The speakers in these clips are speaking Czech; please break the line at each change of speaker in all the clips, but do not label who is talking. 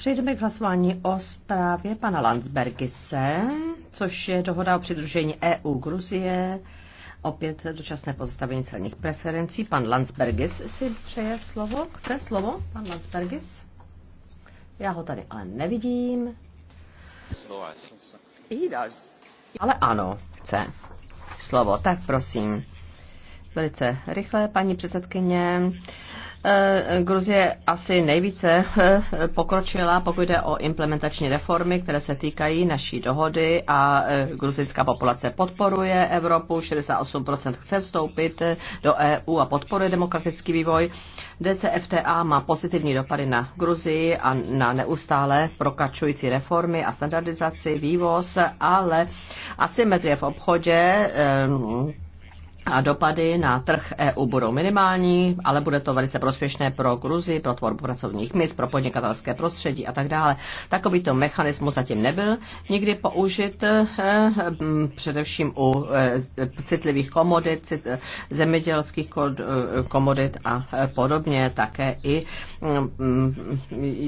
Přejdeme k hlasování o zprávě pana Landsbergise, což je dohoda o přidružení EU Gruzie, opět dočasné pozastavení celních preferencí. Pan Landsbergis si přeje slovo, chce slovo, pan Landsbergis? Já ho tady ale nevidím. Ale ano, chce slovo, tak prosím. Velice rychle, paní předsedkyně. Eh, Gruzie asi nejvíce eh, pokročila, pokud jde o implementační reformy, které se týkají naší dohody a eh, gruzická populace podporuje Evropu, 68% chce vstoupit do EU a podporuje demokratický vývoj. DCFTA má pozitivní dopady na Gruzii a na neustále prokačující reformy a standardizaci, vývoz, ale asymetrie v obchodě a dopady na trh EU budou minimální, ale bude to velice prospěšné pro Gruzi, pro tvorbu pracovních míst, pro podnikatelské prostředí a tak dále. Takovýto mechanismus zatím nebyl nikdy použit, eh, mm, především u eh, citlivých komodit, eh, zemědělských komodit a podobně. Také i mm,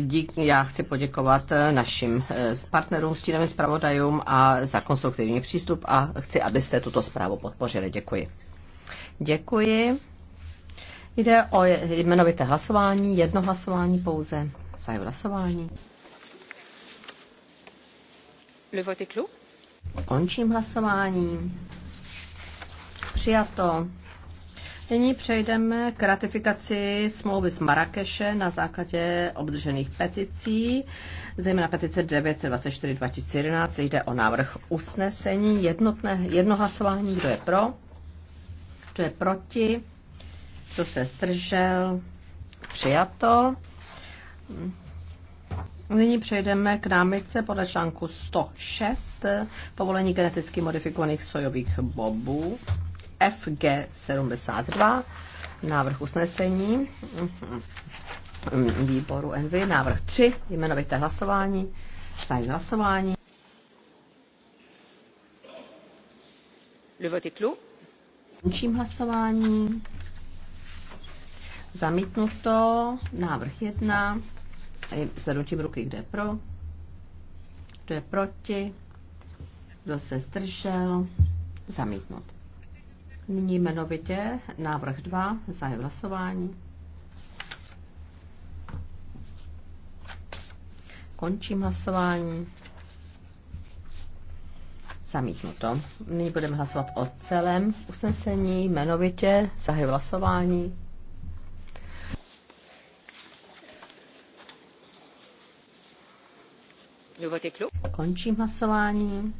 díky, já chci poděkovat našim partnerům, stínovým zpravodajům a za konstruktivní přístup a chci, abyste tuto zprávu podpořili. Děkuji. Děkuji. Jde o jmenovité hlasování, jedno hlasování pouze. Zajím hlasování. Le vote est Končím hlasování. Přijato. Nyní přejdeme k ratifikaci smlouvy z Marrakeše na základě obdržených peticí, zejména petice 924 2011. Jde o návrh usnesení, jednotné, jedno hlasování, kdo je pro kdo je proti, kdo se zdržel, přijato. Nyní přejdeme k námitce podle článku 106 povolení geneticky modifikovaných sojových bobů FG72 návrh usnesení výboru NV, návrh 3, jmenovité hlasování, sajn hlasování. Le vote est clos. Končím hlasování. Zamítnuto. Návrh zvednu tím ruky, kde je pro. Kdo je proti. Kdo se zdržel. Zamítnut. Nyní jmenovitě návrh 2. Zahajuji hlasování. Končím hlasování. Zamítnuto. Nyní budeme hlasovat o celém usnesení, jmenovitě, zahy hlasování. Končím hlasování.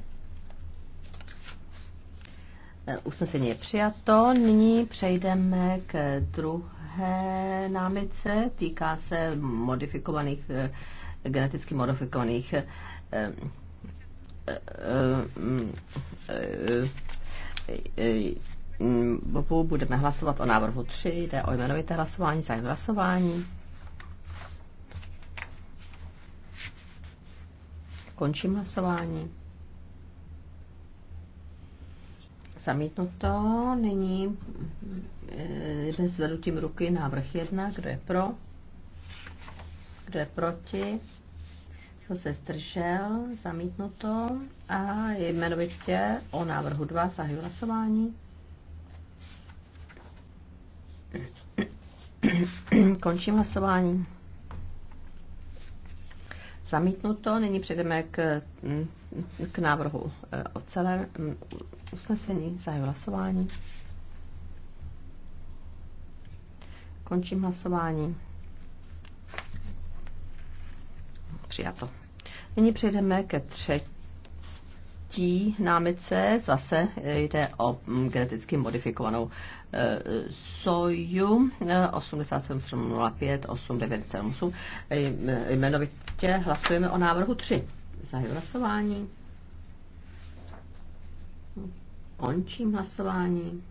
E, usnesení je přijato. Nyní přejdeme k druhé námice. Týká se modifikovaných, e, geneticky modifikovaných e, Bobu budeme hlasovat o návrhu 3, jde o jmenovité hlasování, zájem hlasování. Končím hlasování. Zamítnuto. Nyní eh, jeden tím ruky návrh 1. Kdo je pro? Kdo je proti? To se zdržel, zamítnuto a jmenovitě o návrhu 2 zahy hlasování. Končím hlasování. Zamítnuto. Nyní přejdeme k, k návrhu eh, o celém mm, usnesení. Zahajuji hlasování. Končím hlasování. Přijato. Nyní přejdeme ke třetí námice. Zase jde o mm, geneticky modifikovanou eh, soju 87705 eh, 8978. Eh, jmenovitě hlasujeme o návrhu 3. Zahajuji hlasování. Končím hlasování.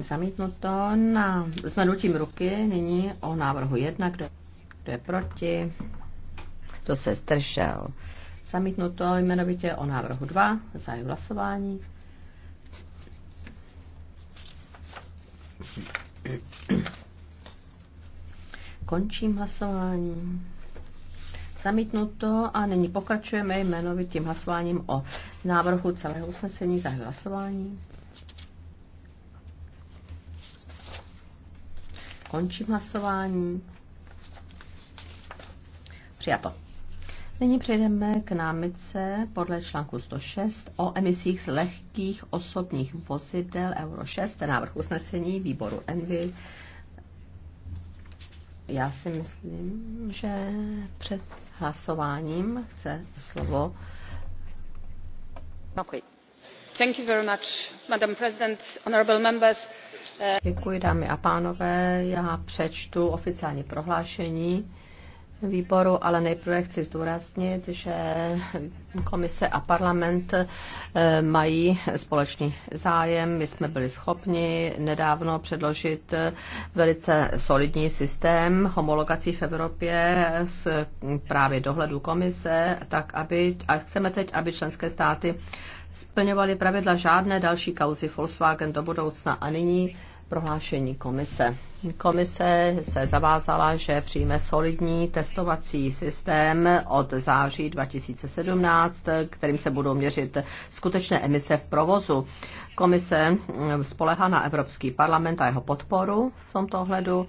Zamítnuto na zmenutím ruky nyní o návrhu 1, kdo, kdo je proti, kdo se zdržel. Zamítnuto jmenovitě o návrhu 2, zájem hlasování. Končím hlasování. Zamítnuto a nyní pokračujeme jmenovitým hlasováním o návrhu celého usnesení za hlasování. Končím hlasování. Přijato. Nyní přejdeme k námitce podle článku 106 o emisích z lehkých osobních vozidel Euro 6, návrh usnesení výboru Envy. Já si myslím, že před hlasováním chce slovo. Okay. Thank you very much, Madam President, honorable members. Děkuji, dámy a pánové. Já přečtu oficiální prohlášení výboru, ale nejprve chci zdůraznit, že komise a parlament eh, mají společný zájem. My jsme byli schopni nedávno předložit eh, velice solidní systém homologací v Evropě s hm, právě dohledu komise, tak aby, a chceme teď, aby členské státy splňovaly pravidla žádné další kauzy Volkswagen do budoucna. A nyní prohlášení komise. Komise se zavázala, že přijme solidní testovací systém od září 2017, kterým se budou měřit skutečné emise v provozu. Komise spolehá na Evropský parlament a jeho podporu v tomto ohledu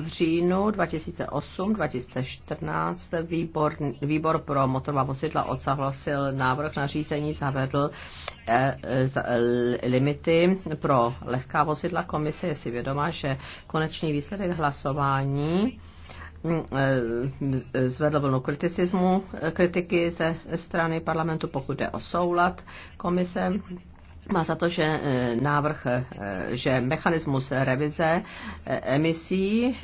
v říjnu 2008-2014 výbor, výbor pro motorová vozidla odsahlasil návrh na řízení, zavedl eh, eh, limity pro lehká vozidla. Komise je si vědoma, že konečný výsledek hlasování mm, eh, zvedl vlnu kriticismu, kritiky ze strany parlamentu, pokud jde o soulad komise má za to, že eh, návrh, eh, že mechanismus revize eh, emisí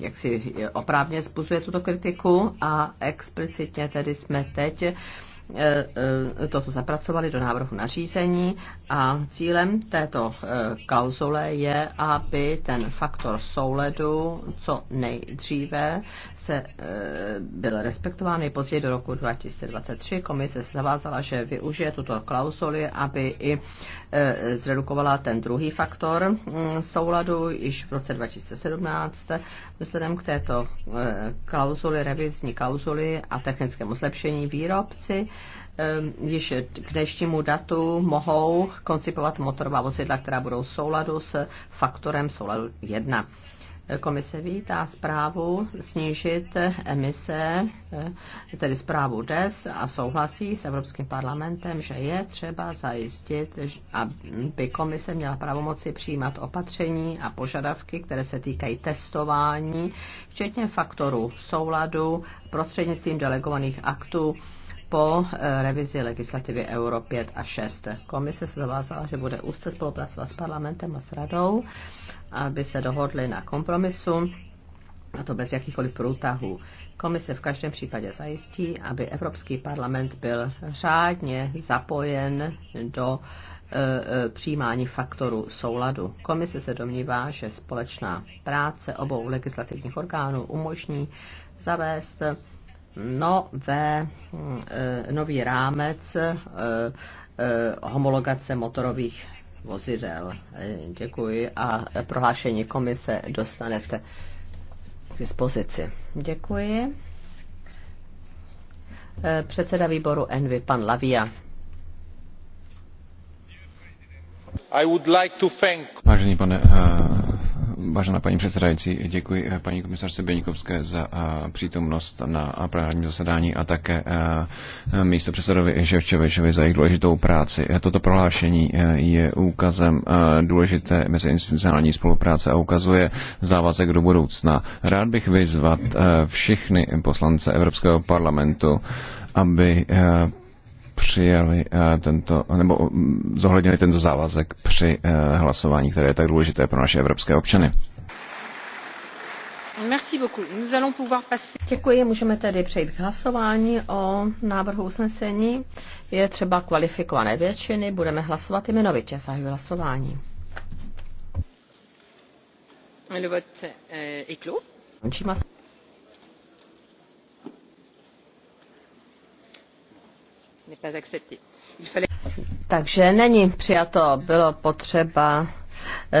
jak si oprávně způsobuje tuto kritiku a explicitně tedy jsme teď Eh, eh, toto zapracovali do návrhu nařízení a cílem této eh, klauzule je, aby ten faktor souledu co nejdříve se byl respektován později do roku 2023. Komise se zavázala, že využije tuto klauzuli, aby i zredukovala ten druhý faktor mm, souladu již v roce 2017. Vzhledem k této klauzuli, revizní klauzuli a technickému zlepšení výrobci již ehm, k dnešnímu datu mohou koncipovat motorová vozidla, která budou v souladu s faktorem souladu 1. Komise vítá zprávu snížit emise, eh, tedy zprávu DES a souhlasí s Evropským parlamentem, že je třeba zajistit, aby komise měla pravomoci přijímat opatření a požadavky, které se týkají testování, včetně faktorů souladu prostřednictvím delegovaných aktů po eh, revizi legislativy Euro 5 a 6. Komise se zavázala, že bude úzce spolupracovat s parlamentem a s radou, aby se dohodli na kompromisu a to bez jakýchkoliv průtahů. Komise v každém případě zajistí, aby Evropský parlament byl řádně zapojen do eh, eh, přijímání faktorů souladu. Komise se domnívá, že společná práce obou legislativních orgánů umožní zavést nové, eh, nový rámec eh, eh, homologace motorových vozidel. Děkuji a prohlášení komise dostanete k dispozici. Děkuji. Předseda výboru Envy, pan Lavia. Vážený pane Vážená paní předsedající, děkuji eh, paní komisařce Běňkovské za eh, přítomnost na právním zasedání a také eh, místo předsedovi Ševčevičovi za jejich důležitou práci. Toto prohlášení je úkazem důležité meziinstitucionální spolupráce a ukazuje závazek do budoucna. Rád bych vyzvat všechny poslance Evropského parlamentu, aby přijeli eh, tento, nebo mm, zohlednili tento závazek při eh, hlasování, které je tak důležité pro naše evropské občany. Děkuji, můžeme tedy přejít k hlasování o návrhu usnesení. Je třeba kvalifikované většiny, budeme hlasovat jmenovitě, za hlasování. Eh, Končíme se. Takže není přijato, bylo potřeba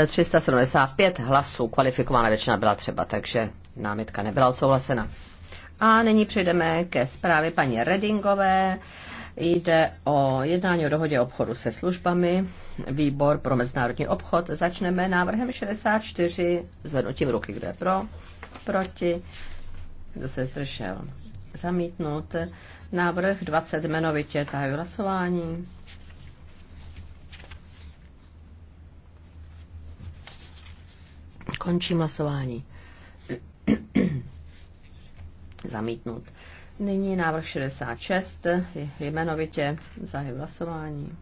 375 eh, hlasů, kvalifikovaná většina byla třeba, takže námitka nebyla odsouhlasena. A nyní přejdeme ke zprávě paní Redingové. Jde o jednání o dohodě obchodu se službami. Výbor pro mezinárodní obchod. Začneme návrhem 64. Zvednutím ruky, kdo je pro, proti, kdo se zdržel zamítnut. Návrh 20 jmenovitě za hlasování. Končím hlasování. zamítnut. Nyní návrh 66, jmenovitě za hlasování.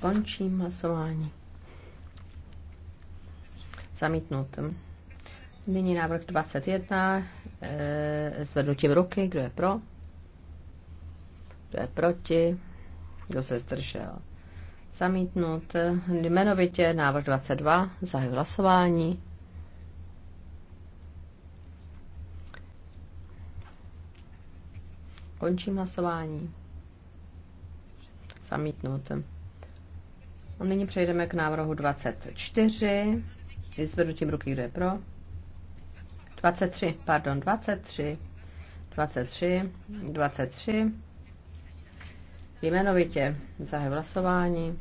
Končím hlasování. Zamítnut. Nyní návrh 21. E, eh, zvednutím ruky. Kdo je pro? Kdo je proti? Kdo se zdržel? Zamítnut. Jmenovitě návrh 22. Zahajuji hlasování. Končím hlasování. Zamítnut. A nyní přejdeme k návrhu 24. Zvednutím ruky, kdo je pro? 23, pardon, 23. 23, 23. Jmenovitě zahaj hlasování.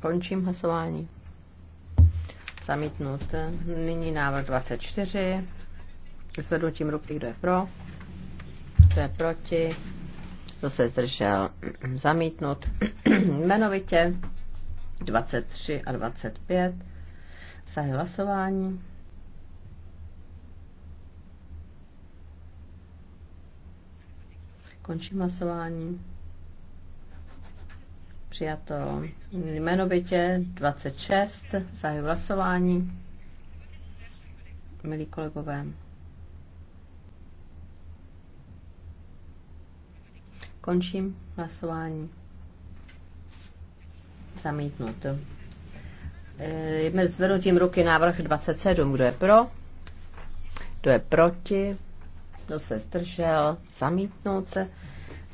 Končím hlasování. Zamítnut. Nyní návrh 24. Zvednutím ruky, kdo je pro, kdo je proti kdo se zdržel, zamítnut. Jmenovitě 23 a 25. Zahy hlasování. Končím hlasování. Přijato jmenovitě 26. Zahy hlasování. Milí kolegové. Končím hlasování. Zamítnut. E, eh, zvednutím ruky návrh 27. Kdo je pro? Kdo je proti? Kdo se zdržel? Zamítnut.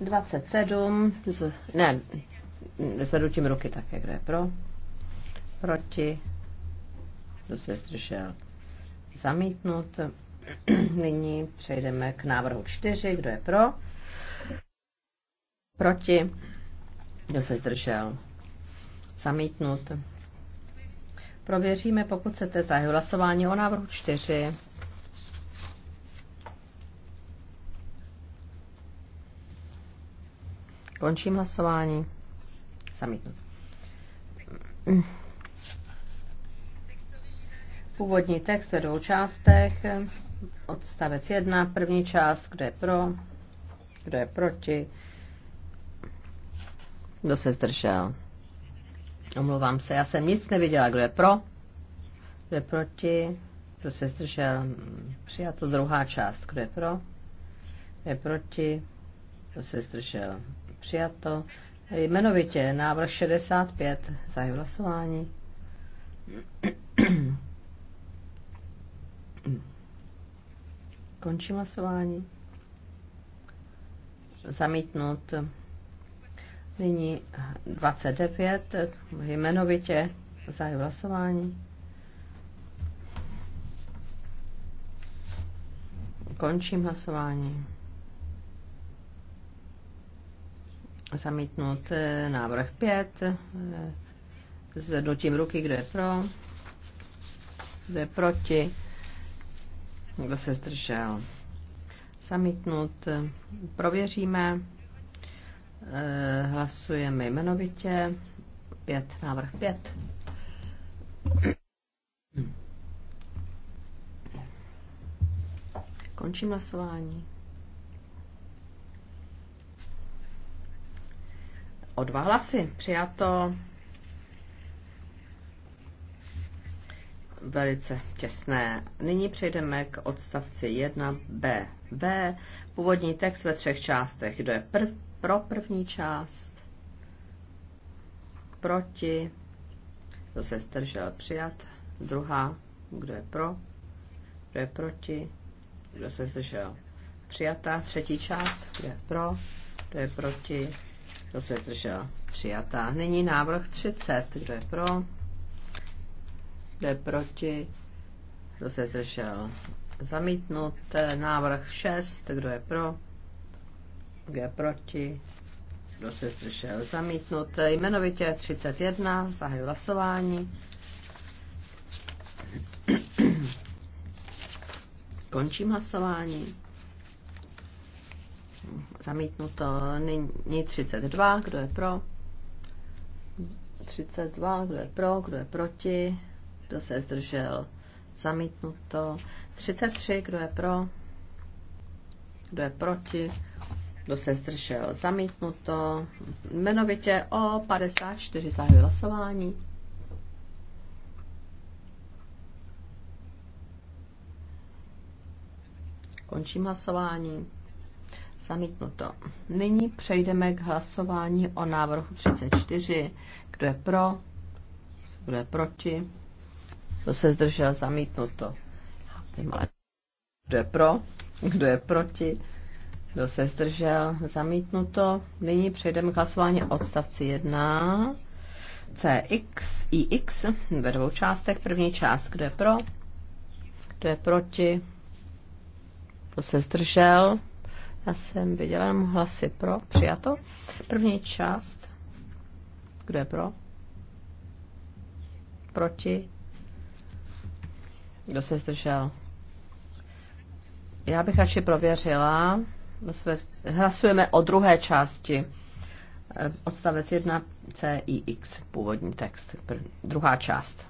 27. Z, ne, zvednutím ruky také. Kdo je pro? Proti? Kdo se zdržel? Zamítnut. Nyní přejdeme k návrhu 4. Kdo je pro? Proti? Kdo se zdržel? Zamítnut. Prověříme, pokud chcete, zahájit hlasování o návrhu 4. Končím hlasování. Zamítnut. Původní text ve dvou částech. Odstavec 1, první část, kde je pro, kde je proti, kdo se zdržel? Omlouvám se, já jsem nic neviděla. Kdo je pro? Kdo je proti? Kdo se zdržel? Přijato druhá část. Kdo je pro? Kdo je proti? Kdo se zdržel? Přijato. Jmenovitě návrh 65. Zahajuji hlasování. Končím hlasování. Zamítnout. Nyní 29, jmenovitě zahajuji hlasování. Končím hlasování. Zamítnut eh, návrh 5. Eh, zvednutím ruky, kdo je pro, kdo je proti, kdo se zdržel. Zamítnut. Eh, prověříme. Eh, hlasujeme jmenovitě. Pět, návrh pět. Končím hlasování. O dva hlasy. Přijato velice těsné. Nyní přejdeme k odstavci 1b. V Původní text ve třech částech. Kdo je prv, pro první část, proti, kdo se zdržel přijat, druhá, kdo je pro, kdo je proti, kdo se zdržel přijatá, třetí část, kdo je pro, kdo je proti, kdo se zdržel přijatá. Nyní návrh 30, kdo je pro, kdo je proti, kdo se zdržel zamítnut, návrh 6, kdo je pro, kdo je proti, kdo se zdržel zamítnut. Jmenovitě 31, zahaju hlasování. Končím hlasování. Zamítnuto nyní 32, kdo je pro? 32, kdo je pro, kdo je proti, kdo se zdržel, zamítnuto. 33, kdo je pro, kdo je proti, kdo se zdržel, zamítnuto. Jmenovitě o 54 zahy hlasování. Končím hlasování. Zamítnuto. Nyní přejdeme k hlasování o návrhu 34. Kdo je pro? Kdo je proti? Kdo se zdržel? Zamítnuto. Kdo je pro? Kdo je proti? Kdo se zdržel? Zamítnuto. Nyní přejdeme k hlasování odstavci 1. CX, IX ve dvou částech. První část, kdo je pro? Kdo je proti? Kdo se zdržel? Já jsem viděla jenom hlasy pro. Přijato. První část. Kdo je pro? Proti? Kdo se zdržel? Já bych radši prověřila hlasujeme o druhé části. Eh, odstavec 1 CIX, původní text, druhá část.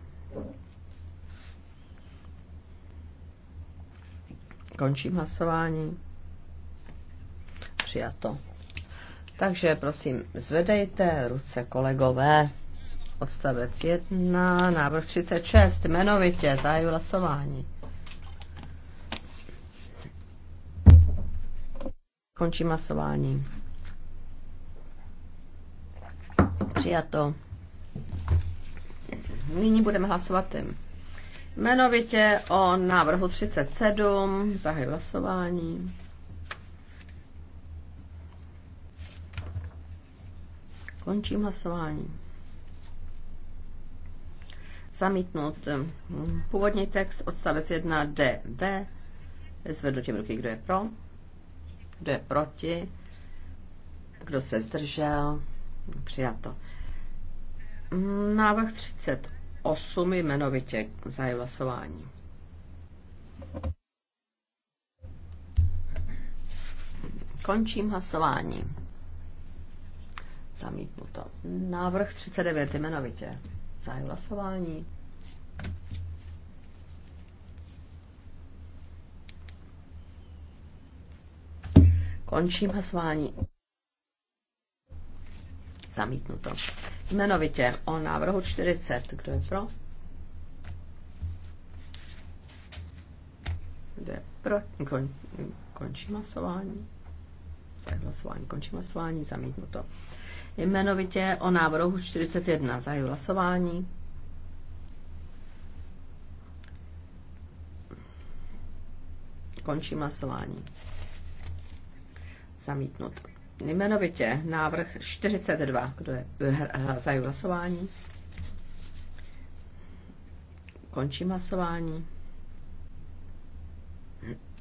Končím hlasování. Přijato. Takže prosím, zvedejte ruce kolegové. Odstavec 1, návrh 36, jmenovitě, zahajuji hlasování. Končím masování. Přijato. Nyní budeme hlasovat jmenovitě o návrhu 37. Zahajuji hlasování. Končím hlasování. Zamítnout původní text odstavec 1 DV. Zvednutím ruky, kdo je pro. Kdo je proti? Kdo se zdržel? Přijato. Návrh 38 jmenovitě zahájí hlasování. Končím hlasování. Zamítnuto. Návrh 39 jmenovitě. Zahájí hlasování. Končím hlasování. Zamítnuto. Jmenovitě o návrhu 40. Kdo je pro? Kdo je pro? Kon, končím hlasování. Zahajuji hlasování. Končím hlasování. Zamítnuto. Jmenovitě o návrhu 41. Zahajuji hlasování. Končím hlasování zamítnut. Jmenovitě návrh 42. Kdo je zaju eh, hlasování? Končím hlasování.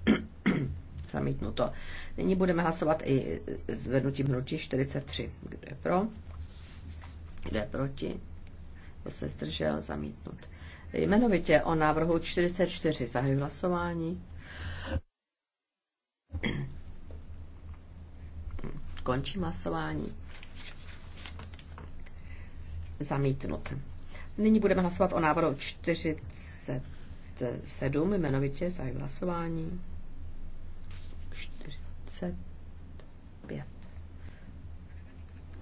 Zamítnuto. Nyní budeme hlasovat i zvednutím hnutí 43. Kdo je pro? Kdo je proti? Kdo se zdržel? Zamítnut. Jmenovitě o návrhu 44 zahajuji hlasování. Končím hlasování. Zamítnut. Nyní budeme hlasovat o návrhu 47, jmenovitě za hlasování. 45.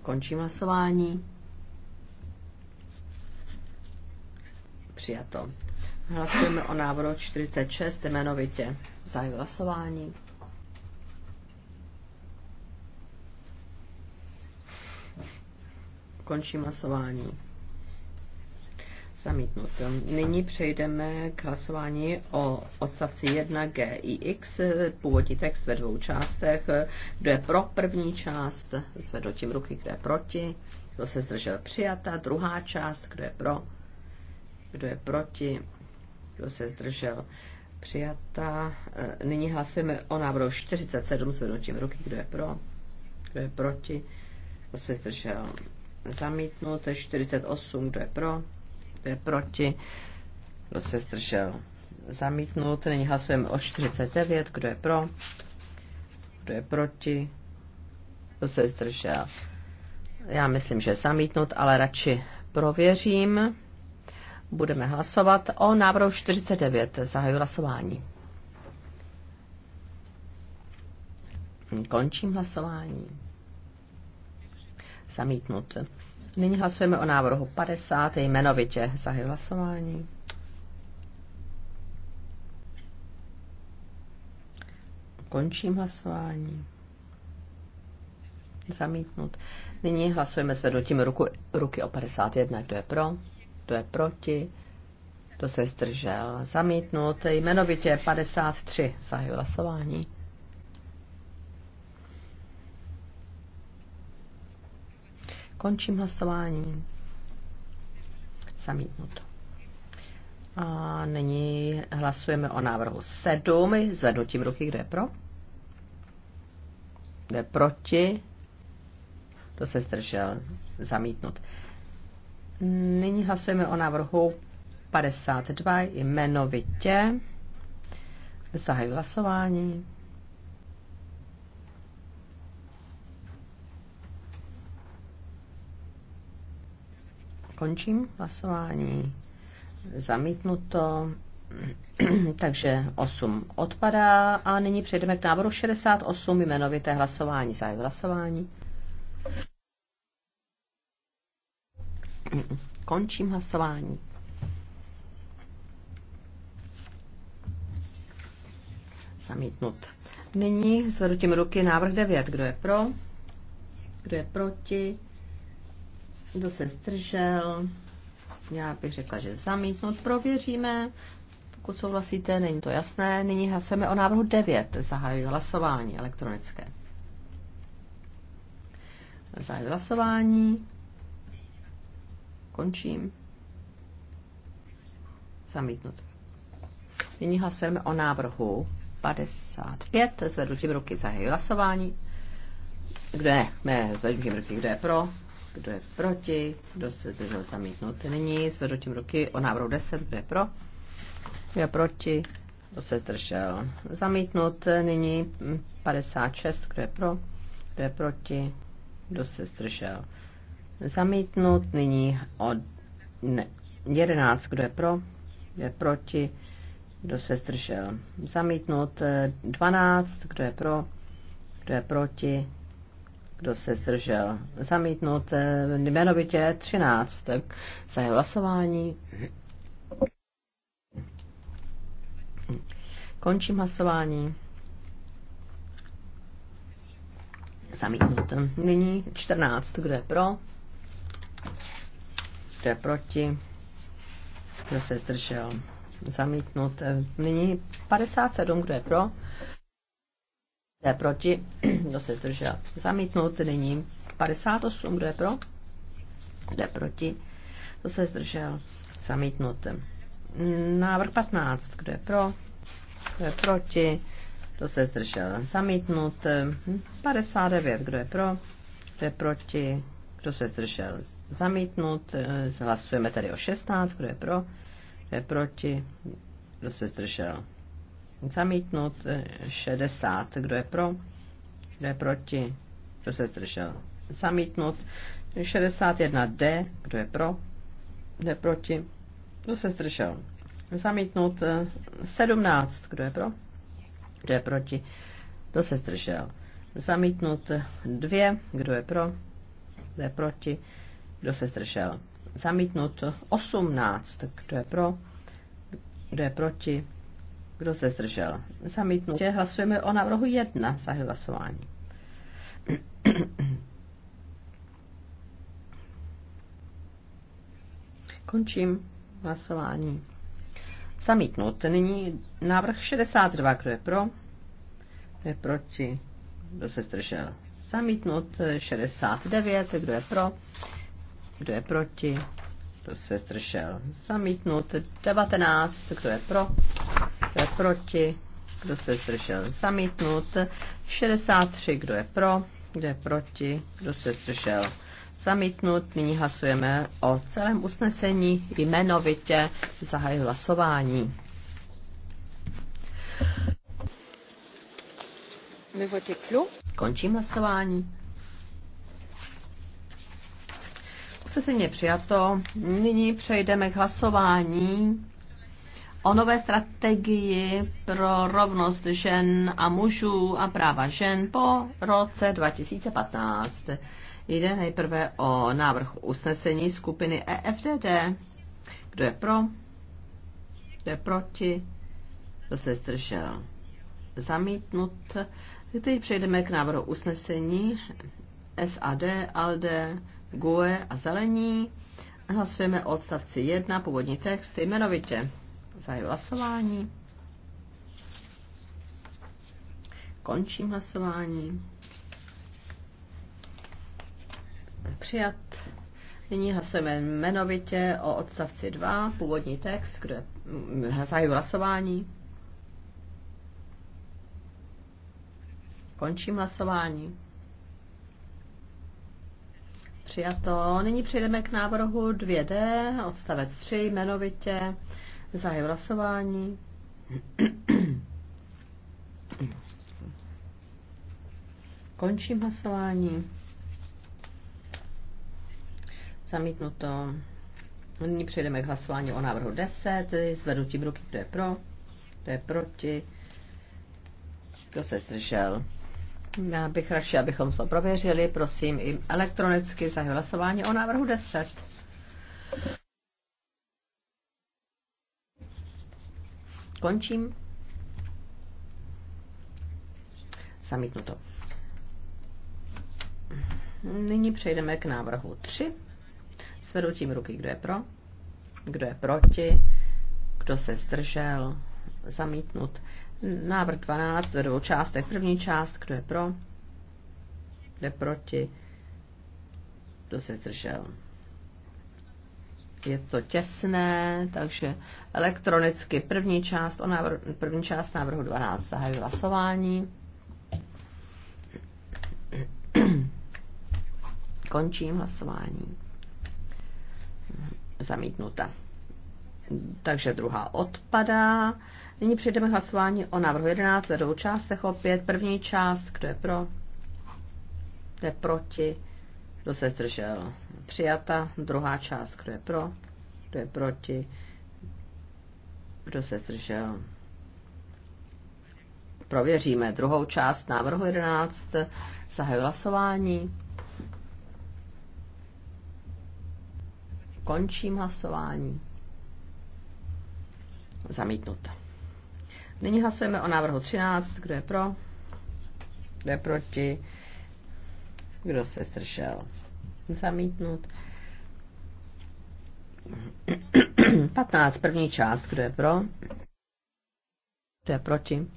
Končím hlasování. Přijato. Hlasujeme o návrhu 46, jmenovitě za hlasování. Končím hlasování. Zamítnut. Nyní přejdeme k hlasování o odstavci 1 GIX, původní text ve dvou částech. Kdo je pro první část, tím ruky, kdo je proti, kdo se zdržel přijata, druhá část, kdo je pro, kdo je proti, kdo se zdržel přijata. E, nyní hlasujeme o návrhu 47 zvednutím ruky, kdo je pro, kdo je proti, kdo se zdržel zamítnut, 48, kdo je pro, kdo je proti, kdo se zdržel zamítnut. Nyní hlasujeme o 49, kdo je pro, kdo je proti, kdo se zdržel. Já myslím, že zamítnut, ale radši prověřím. Budeme hlasovat o návrhu 49. Zahajuji hlasování. Končím hlasování zamítnut. Nyní hlasujeme o návrhu 50, jmenovitě zahy hlasování. Končím hlasování. Zamítnut. Nyní hlasujeme zvednutím ruku, ruky o 51. Kdo je pro? Kdo je proti? Kdo se zdržel? Zamítnut. Jmenovitě 53. Zahy hlasování. Končím hlasování. Zamítnuto. A nyní hlasujeme o návrhu 7. Zvednutím ruky, kdo je pro? Kdo je proti? Kdo se zdržel? Zamítnut. Nyní hlasujeme o návrhu 52 jmenovitě. Zahajuji hlasování. Končím hlasování. Zamítnuto. Takže 8 odpadá a nyní přejdeme k návrhu 68 jmenovité hlasování. Zájem hlasování. Končím hlasování. Zamítnut. Nyní tím ruky návrh 9. Kdo je pro? Kdo je proti? Kdo se zdržel? Já bych řekla, že zamítnout. Prověříme. Pokud souhlasíte, není to jasné. Nyní hlasujeme o návrhu 9. Zahajuji hlasování elektronické. Zahajuji hlasování. Končím. Zamítnut. Nyní hlasujeme o návrhu 55. tím ruky zahajuji hlasování. Kdo je? Ne, tím ruky. Kdo je pro? kdo je proti, kdo se zdržel zamítnout. Nyní zvednutím ruky o návrhu 10, kdo je pro, kdo je proti, kdo se zdržel zamítnout. Nyní 56, kdo je pro, kdo je proti, kdo se zdržel zamítnout. Nyní o ne, 11, kdo je pro, kdo je proti, kdo se zdržel zamítnout. 12, kdo je pro, kdo je proti, kdo se zdržel? Zamítnut eh, jmenovitě 13. Zahajuji hlasování. Končím hlasování. Zamítnut. Nyní 14. Kdo je pro? Kdo je proti? Kdo se zdržel? Zamítnut. Nyní 57. Kdo je pro? Kdo je proti? Kdo se zdržel? Zamítnout Nyní 58. Kdo je pro? Kdo je proti? Kdo se zdržel? Zamítnout. Návrh 15. Kdo je pro? Kdo je proti? Kdo se zdržel? Zamítnout. 59. Kdo je pro? Kdo je proti? Kdo se zdržel? Zamítnout. Hlasujeme tady o 16. Kdo je pro? Kdo je proti? Kdo se zdržel? Zamítnut 60. Kdo je pro? Kdo je proti? Kdo se zdržel? Zamítnut 61D. Kdo je pro? Kdo je proti? Kdo se zdržel? Zamítnut 17. Kdo je pro? Kdo je proti? Kdo se zdržel? Zamítnut 2. Kdo je pro? Kdo je proti? Kdo se zdržel? Zamítnut 18. Kdo je pro? Kdo je proti? Kdo se zdržel? Zamítnu. Že Hlasujeme o návrhu jedna za hlasování. Končím hlasování. Zamítnut. Nyní návrh 62. Kdo je pro? Kdo je proti? Kdo se zdržel? Zamítnut. 69. Kdo je pro? Kdo je proti? Kdo se zdržel? Zamítnut. 19. Kdo je pro? proti, kdo se zdržel zamítnut, 63, kdo je pro, kdo je proti, kdo se zdržel zamítnut. Nyní hlasujeme o celém usnesení jmenovitě. Zahajuji hlasování. Končím hlasování. Usnesení je přijato. Nyní přejdeme k hlasování o nové strategii pro rovnost žen a mužů a práva žen po roce 2015. Jde nejprve o návrh usnesení skupiny EFDD. Kdo je pro? Kdo je proti? Kdo se zdržel? Zamítnut. Teď přejdeme k návrhu usnesení SAD, ALDE, GUE a Zelení. Hlasujeme o odstavci 1, původní text, jmenovitě. Zahajuji hlasování. Končím hlasování. Přijat. Nyní hlasujeme jmenovitě o odstavci 2, původní text, kde mm, zahajuji hlasování. Končím hlasování. Přijato. Nyní přejdeme k návrhu 2D, odstavec 3, jmenovitě. Zahajuji hlasování. Končím hlasování. Zamítnuto. Nyní přejdeme k hlasování o návrhu 10. Zvednutí ruky, kdo je pro, kdo je proti, kdo se zdržel. Já bych radši, abychom to prověřili. Prosím i elektronicky za hlasování o návrhu 10. zamítnu Zamítnuto. Nyní přejdeme k návrhu 3. S vedoucím ruky, kdo je pro, kdo je proti, kdo se zdržel, zamítnut. Návrh 12 ve dvou částech. První část, kdo je pro, kdo je proti, kdo se zdržel, je to těsné, takže elektronicky první část, o návr- první část návrhu 12 zahajuji hlasování. Končím hlasování. Zamítnuta. Takže druhá odpadá. Nyní přejdeme k hlasování o návrhu 11 ve dvou částech opět. První část, kdo je pro, kdo je proti, kdo se zdržel? Přijata. Druhá část. Kdo je pro? Kdo je proti? Kdo se zdržel? Prověříme druhou část návrhu 11. zahaj hlasování. Končím hlasování. Zamítnuto. Nyní hlasujeme o návrhu 13. Kdo je pro? Kdo je proti? Kdo se zdržel? Zamítnut. 15. První část. Kdo je pro? Kdo je proti?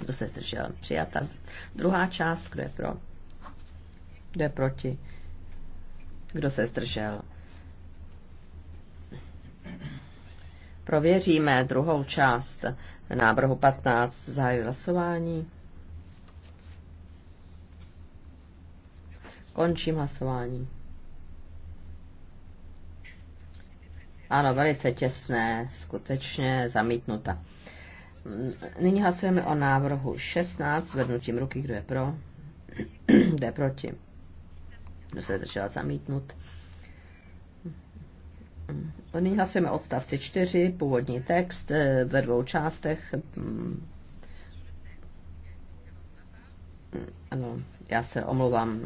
Kdo se zdržel? Přijata. Druhá část. Kdo je pro? Kdo je proti? Kdo se zdržel? Prověříme druhou část návrhu 15. Zahájí hlasování. Končím hlasování. Ano, velice těsné, skutečně zamítnuta. Nyní hlasujeme o návrhu 16, zvednutím ruky, kdo je pro, kdo je proti. Kdo se držel zamítnut. Nyní hlasujeme odstavci 4, původní text eh, ve dvou částech. Mm. Ano, já se omlouvám,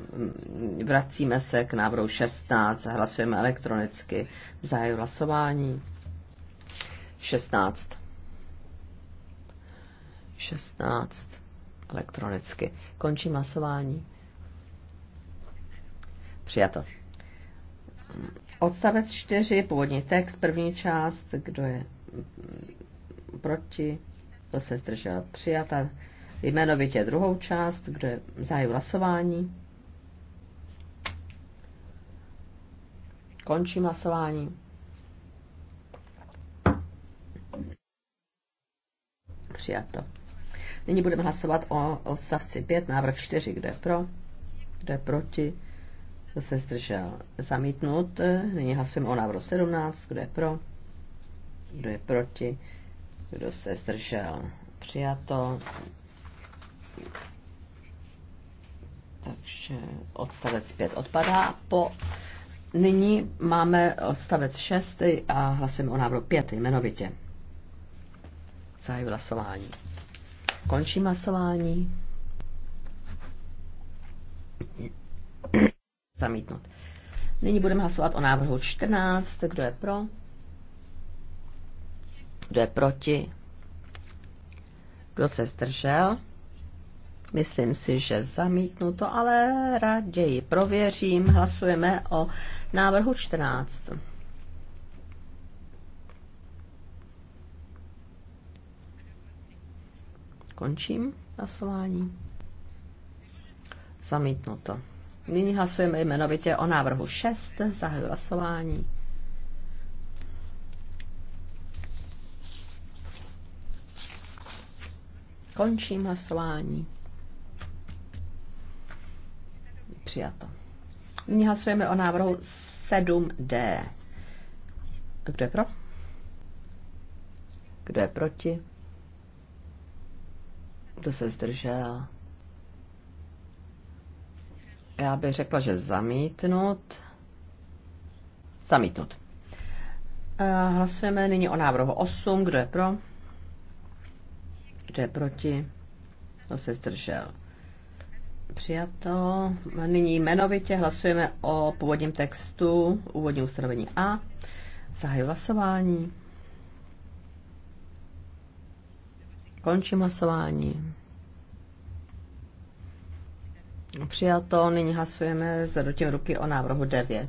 vracíme se k návrhu 16, hlasujeme elektronicky, zájem hlasování. 16. 16 elektronicky. Končím hlasování. Přijato. Odstavec 4, původní text, první část, kdo je proti, to se zdržel, přijata jmenovitě druhou část, kde zahájí hlasování. Končím hlasování. Přijato. Nyní budeme hlasovat o odstavci 5, návrh 4, kde je pro, kde je proti, kdo se zdržel zamítnut. Nyní hlasujeme o návrhu 17, kde je pro, kdo je proti, kdo se zdržel přijato. Takže odstavec 5 odpadá. Po Nyní máme odstavec 6 a hlasujeme o návrhu 5 jmenovitě. Zahajuji hlasování. Končím hlasování. Zamítnut. Nyní budeme hlasovat o návrhu 14. Kdo je pro? Kdo je proti? Kdo se zdržel? Myslím si, že zamítnu to, ale raději prověřím. Hlasujeme o návrhu 14. Končím hlasování. Zamítnu to. Nyní hlasujeme jmenovitě o návrhu 6. Zahajuji hlasování. Končím hlasování. Přijato. Nyní hlasujeme o návrhu 7D. Kdo je pro? Kdo je proti? Kdo se zdržel? Já bych řekla, že zamítnut. Zamítnut. Eh, hlasujeme nyní o návrhu 8. Kdo je pro? Kdo je proti? Kdo se zdržel? Přijato. Nyní jmenovitě hlasujeme o původním textu, úvodní ustanovení A. Zahajuji hlasování. Končím hlasování. Přijato. Nyní hlasujeme s dotím ruky o návrhu 9D.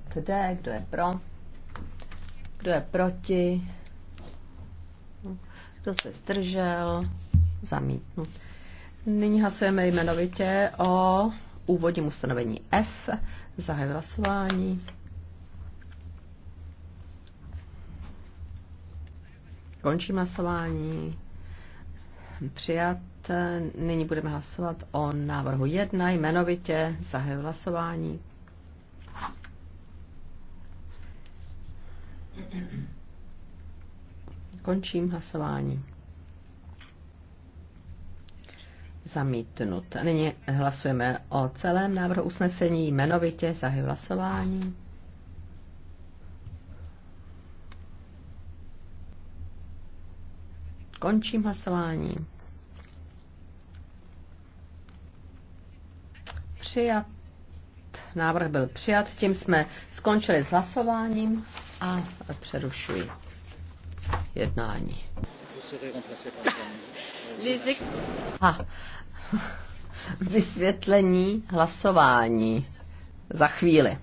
Kdo je pro? Kdo je proti? Kdo se zdržel? Zamítnut. Nyní hlasujeme jmenovitě o úvodním ustanovení F. Zahajuji hlasování. Končím hlasování. Přijat. Nyní budeme hlasovat o návrhu 1 jmenovitě. Zahajuji hlasování. Končím hlasování. zamítnut. Nyní hlasujeme o celém návrhu usnesení jmenovitě. za hlasování. Končím hlasování. Přijat. Návrh byl přijat. Tím jsme skončili s hlasováním a přerušuji jednání. Euh, ah. Vysvětlení hlasování za chvíli.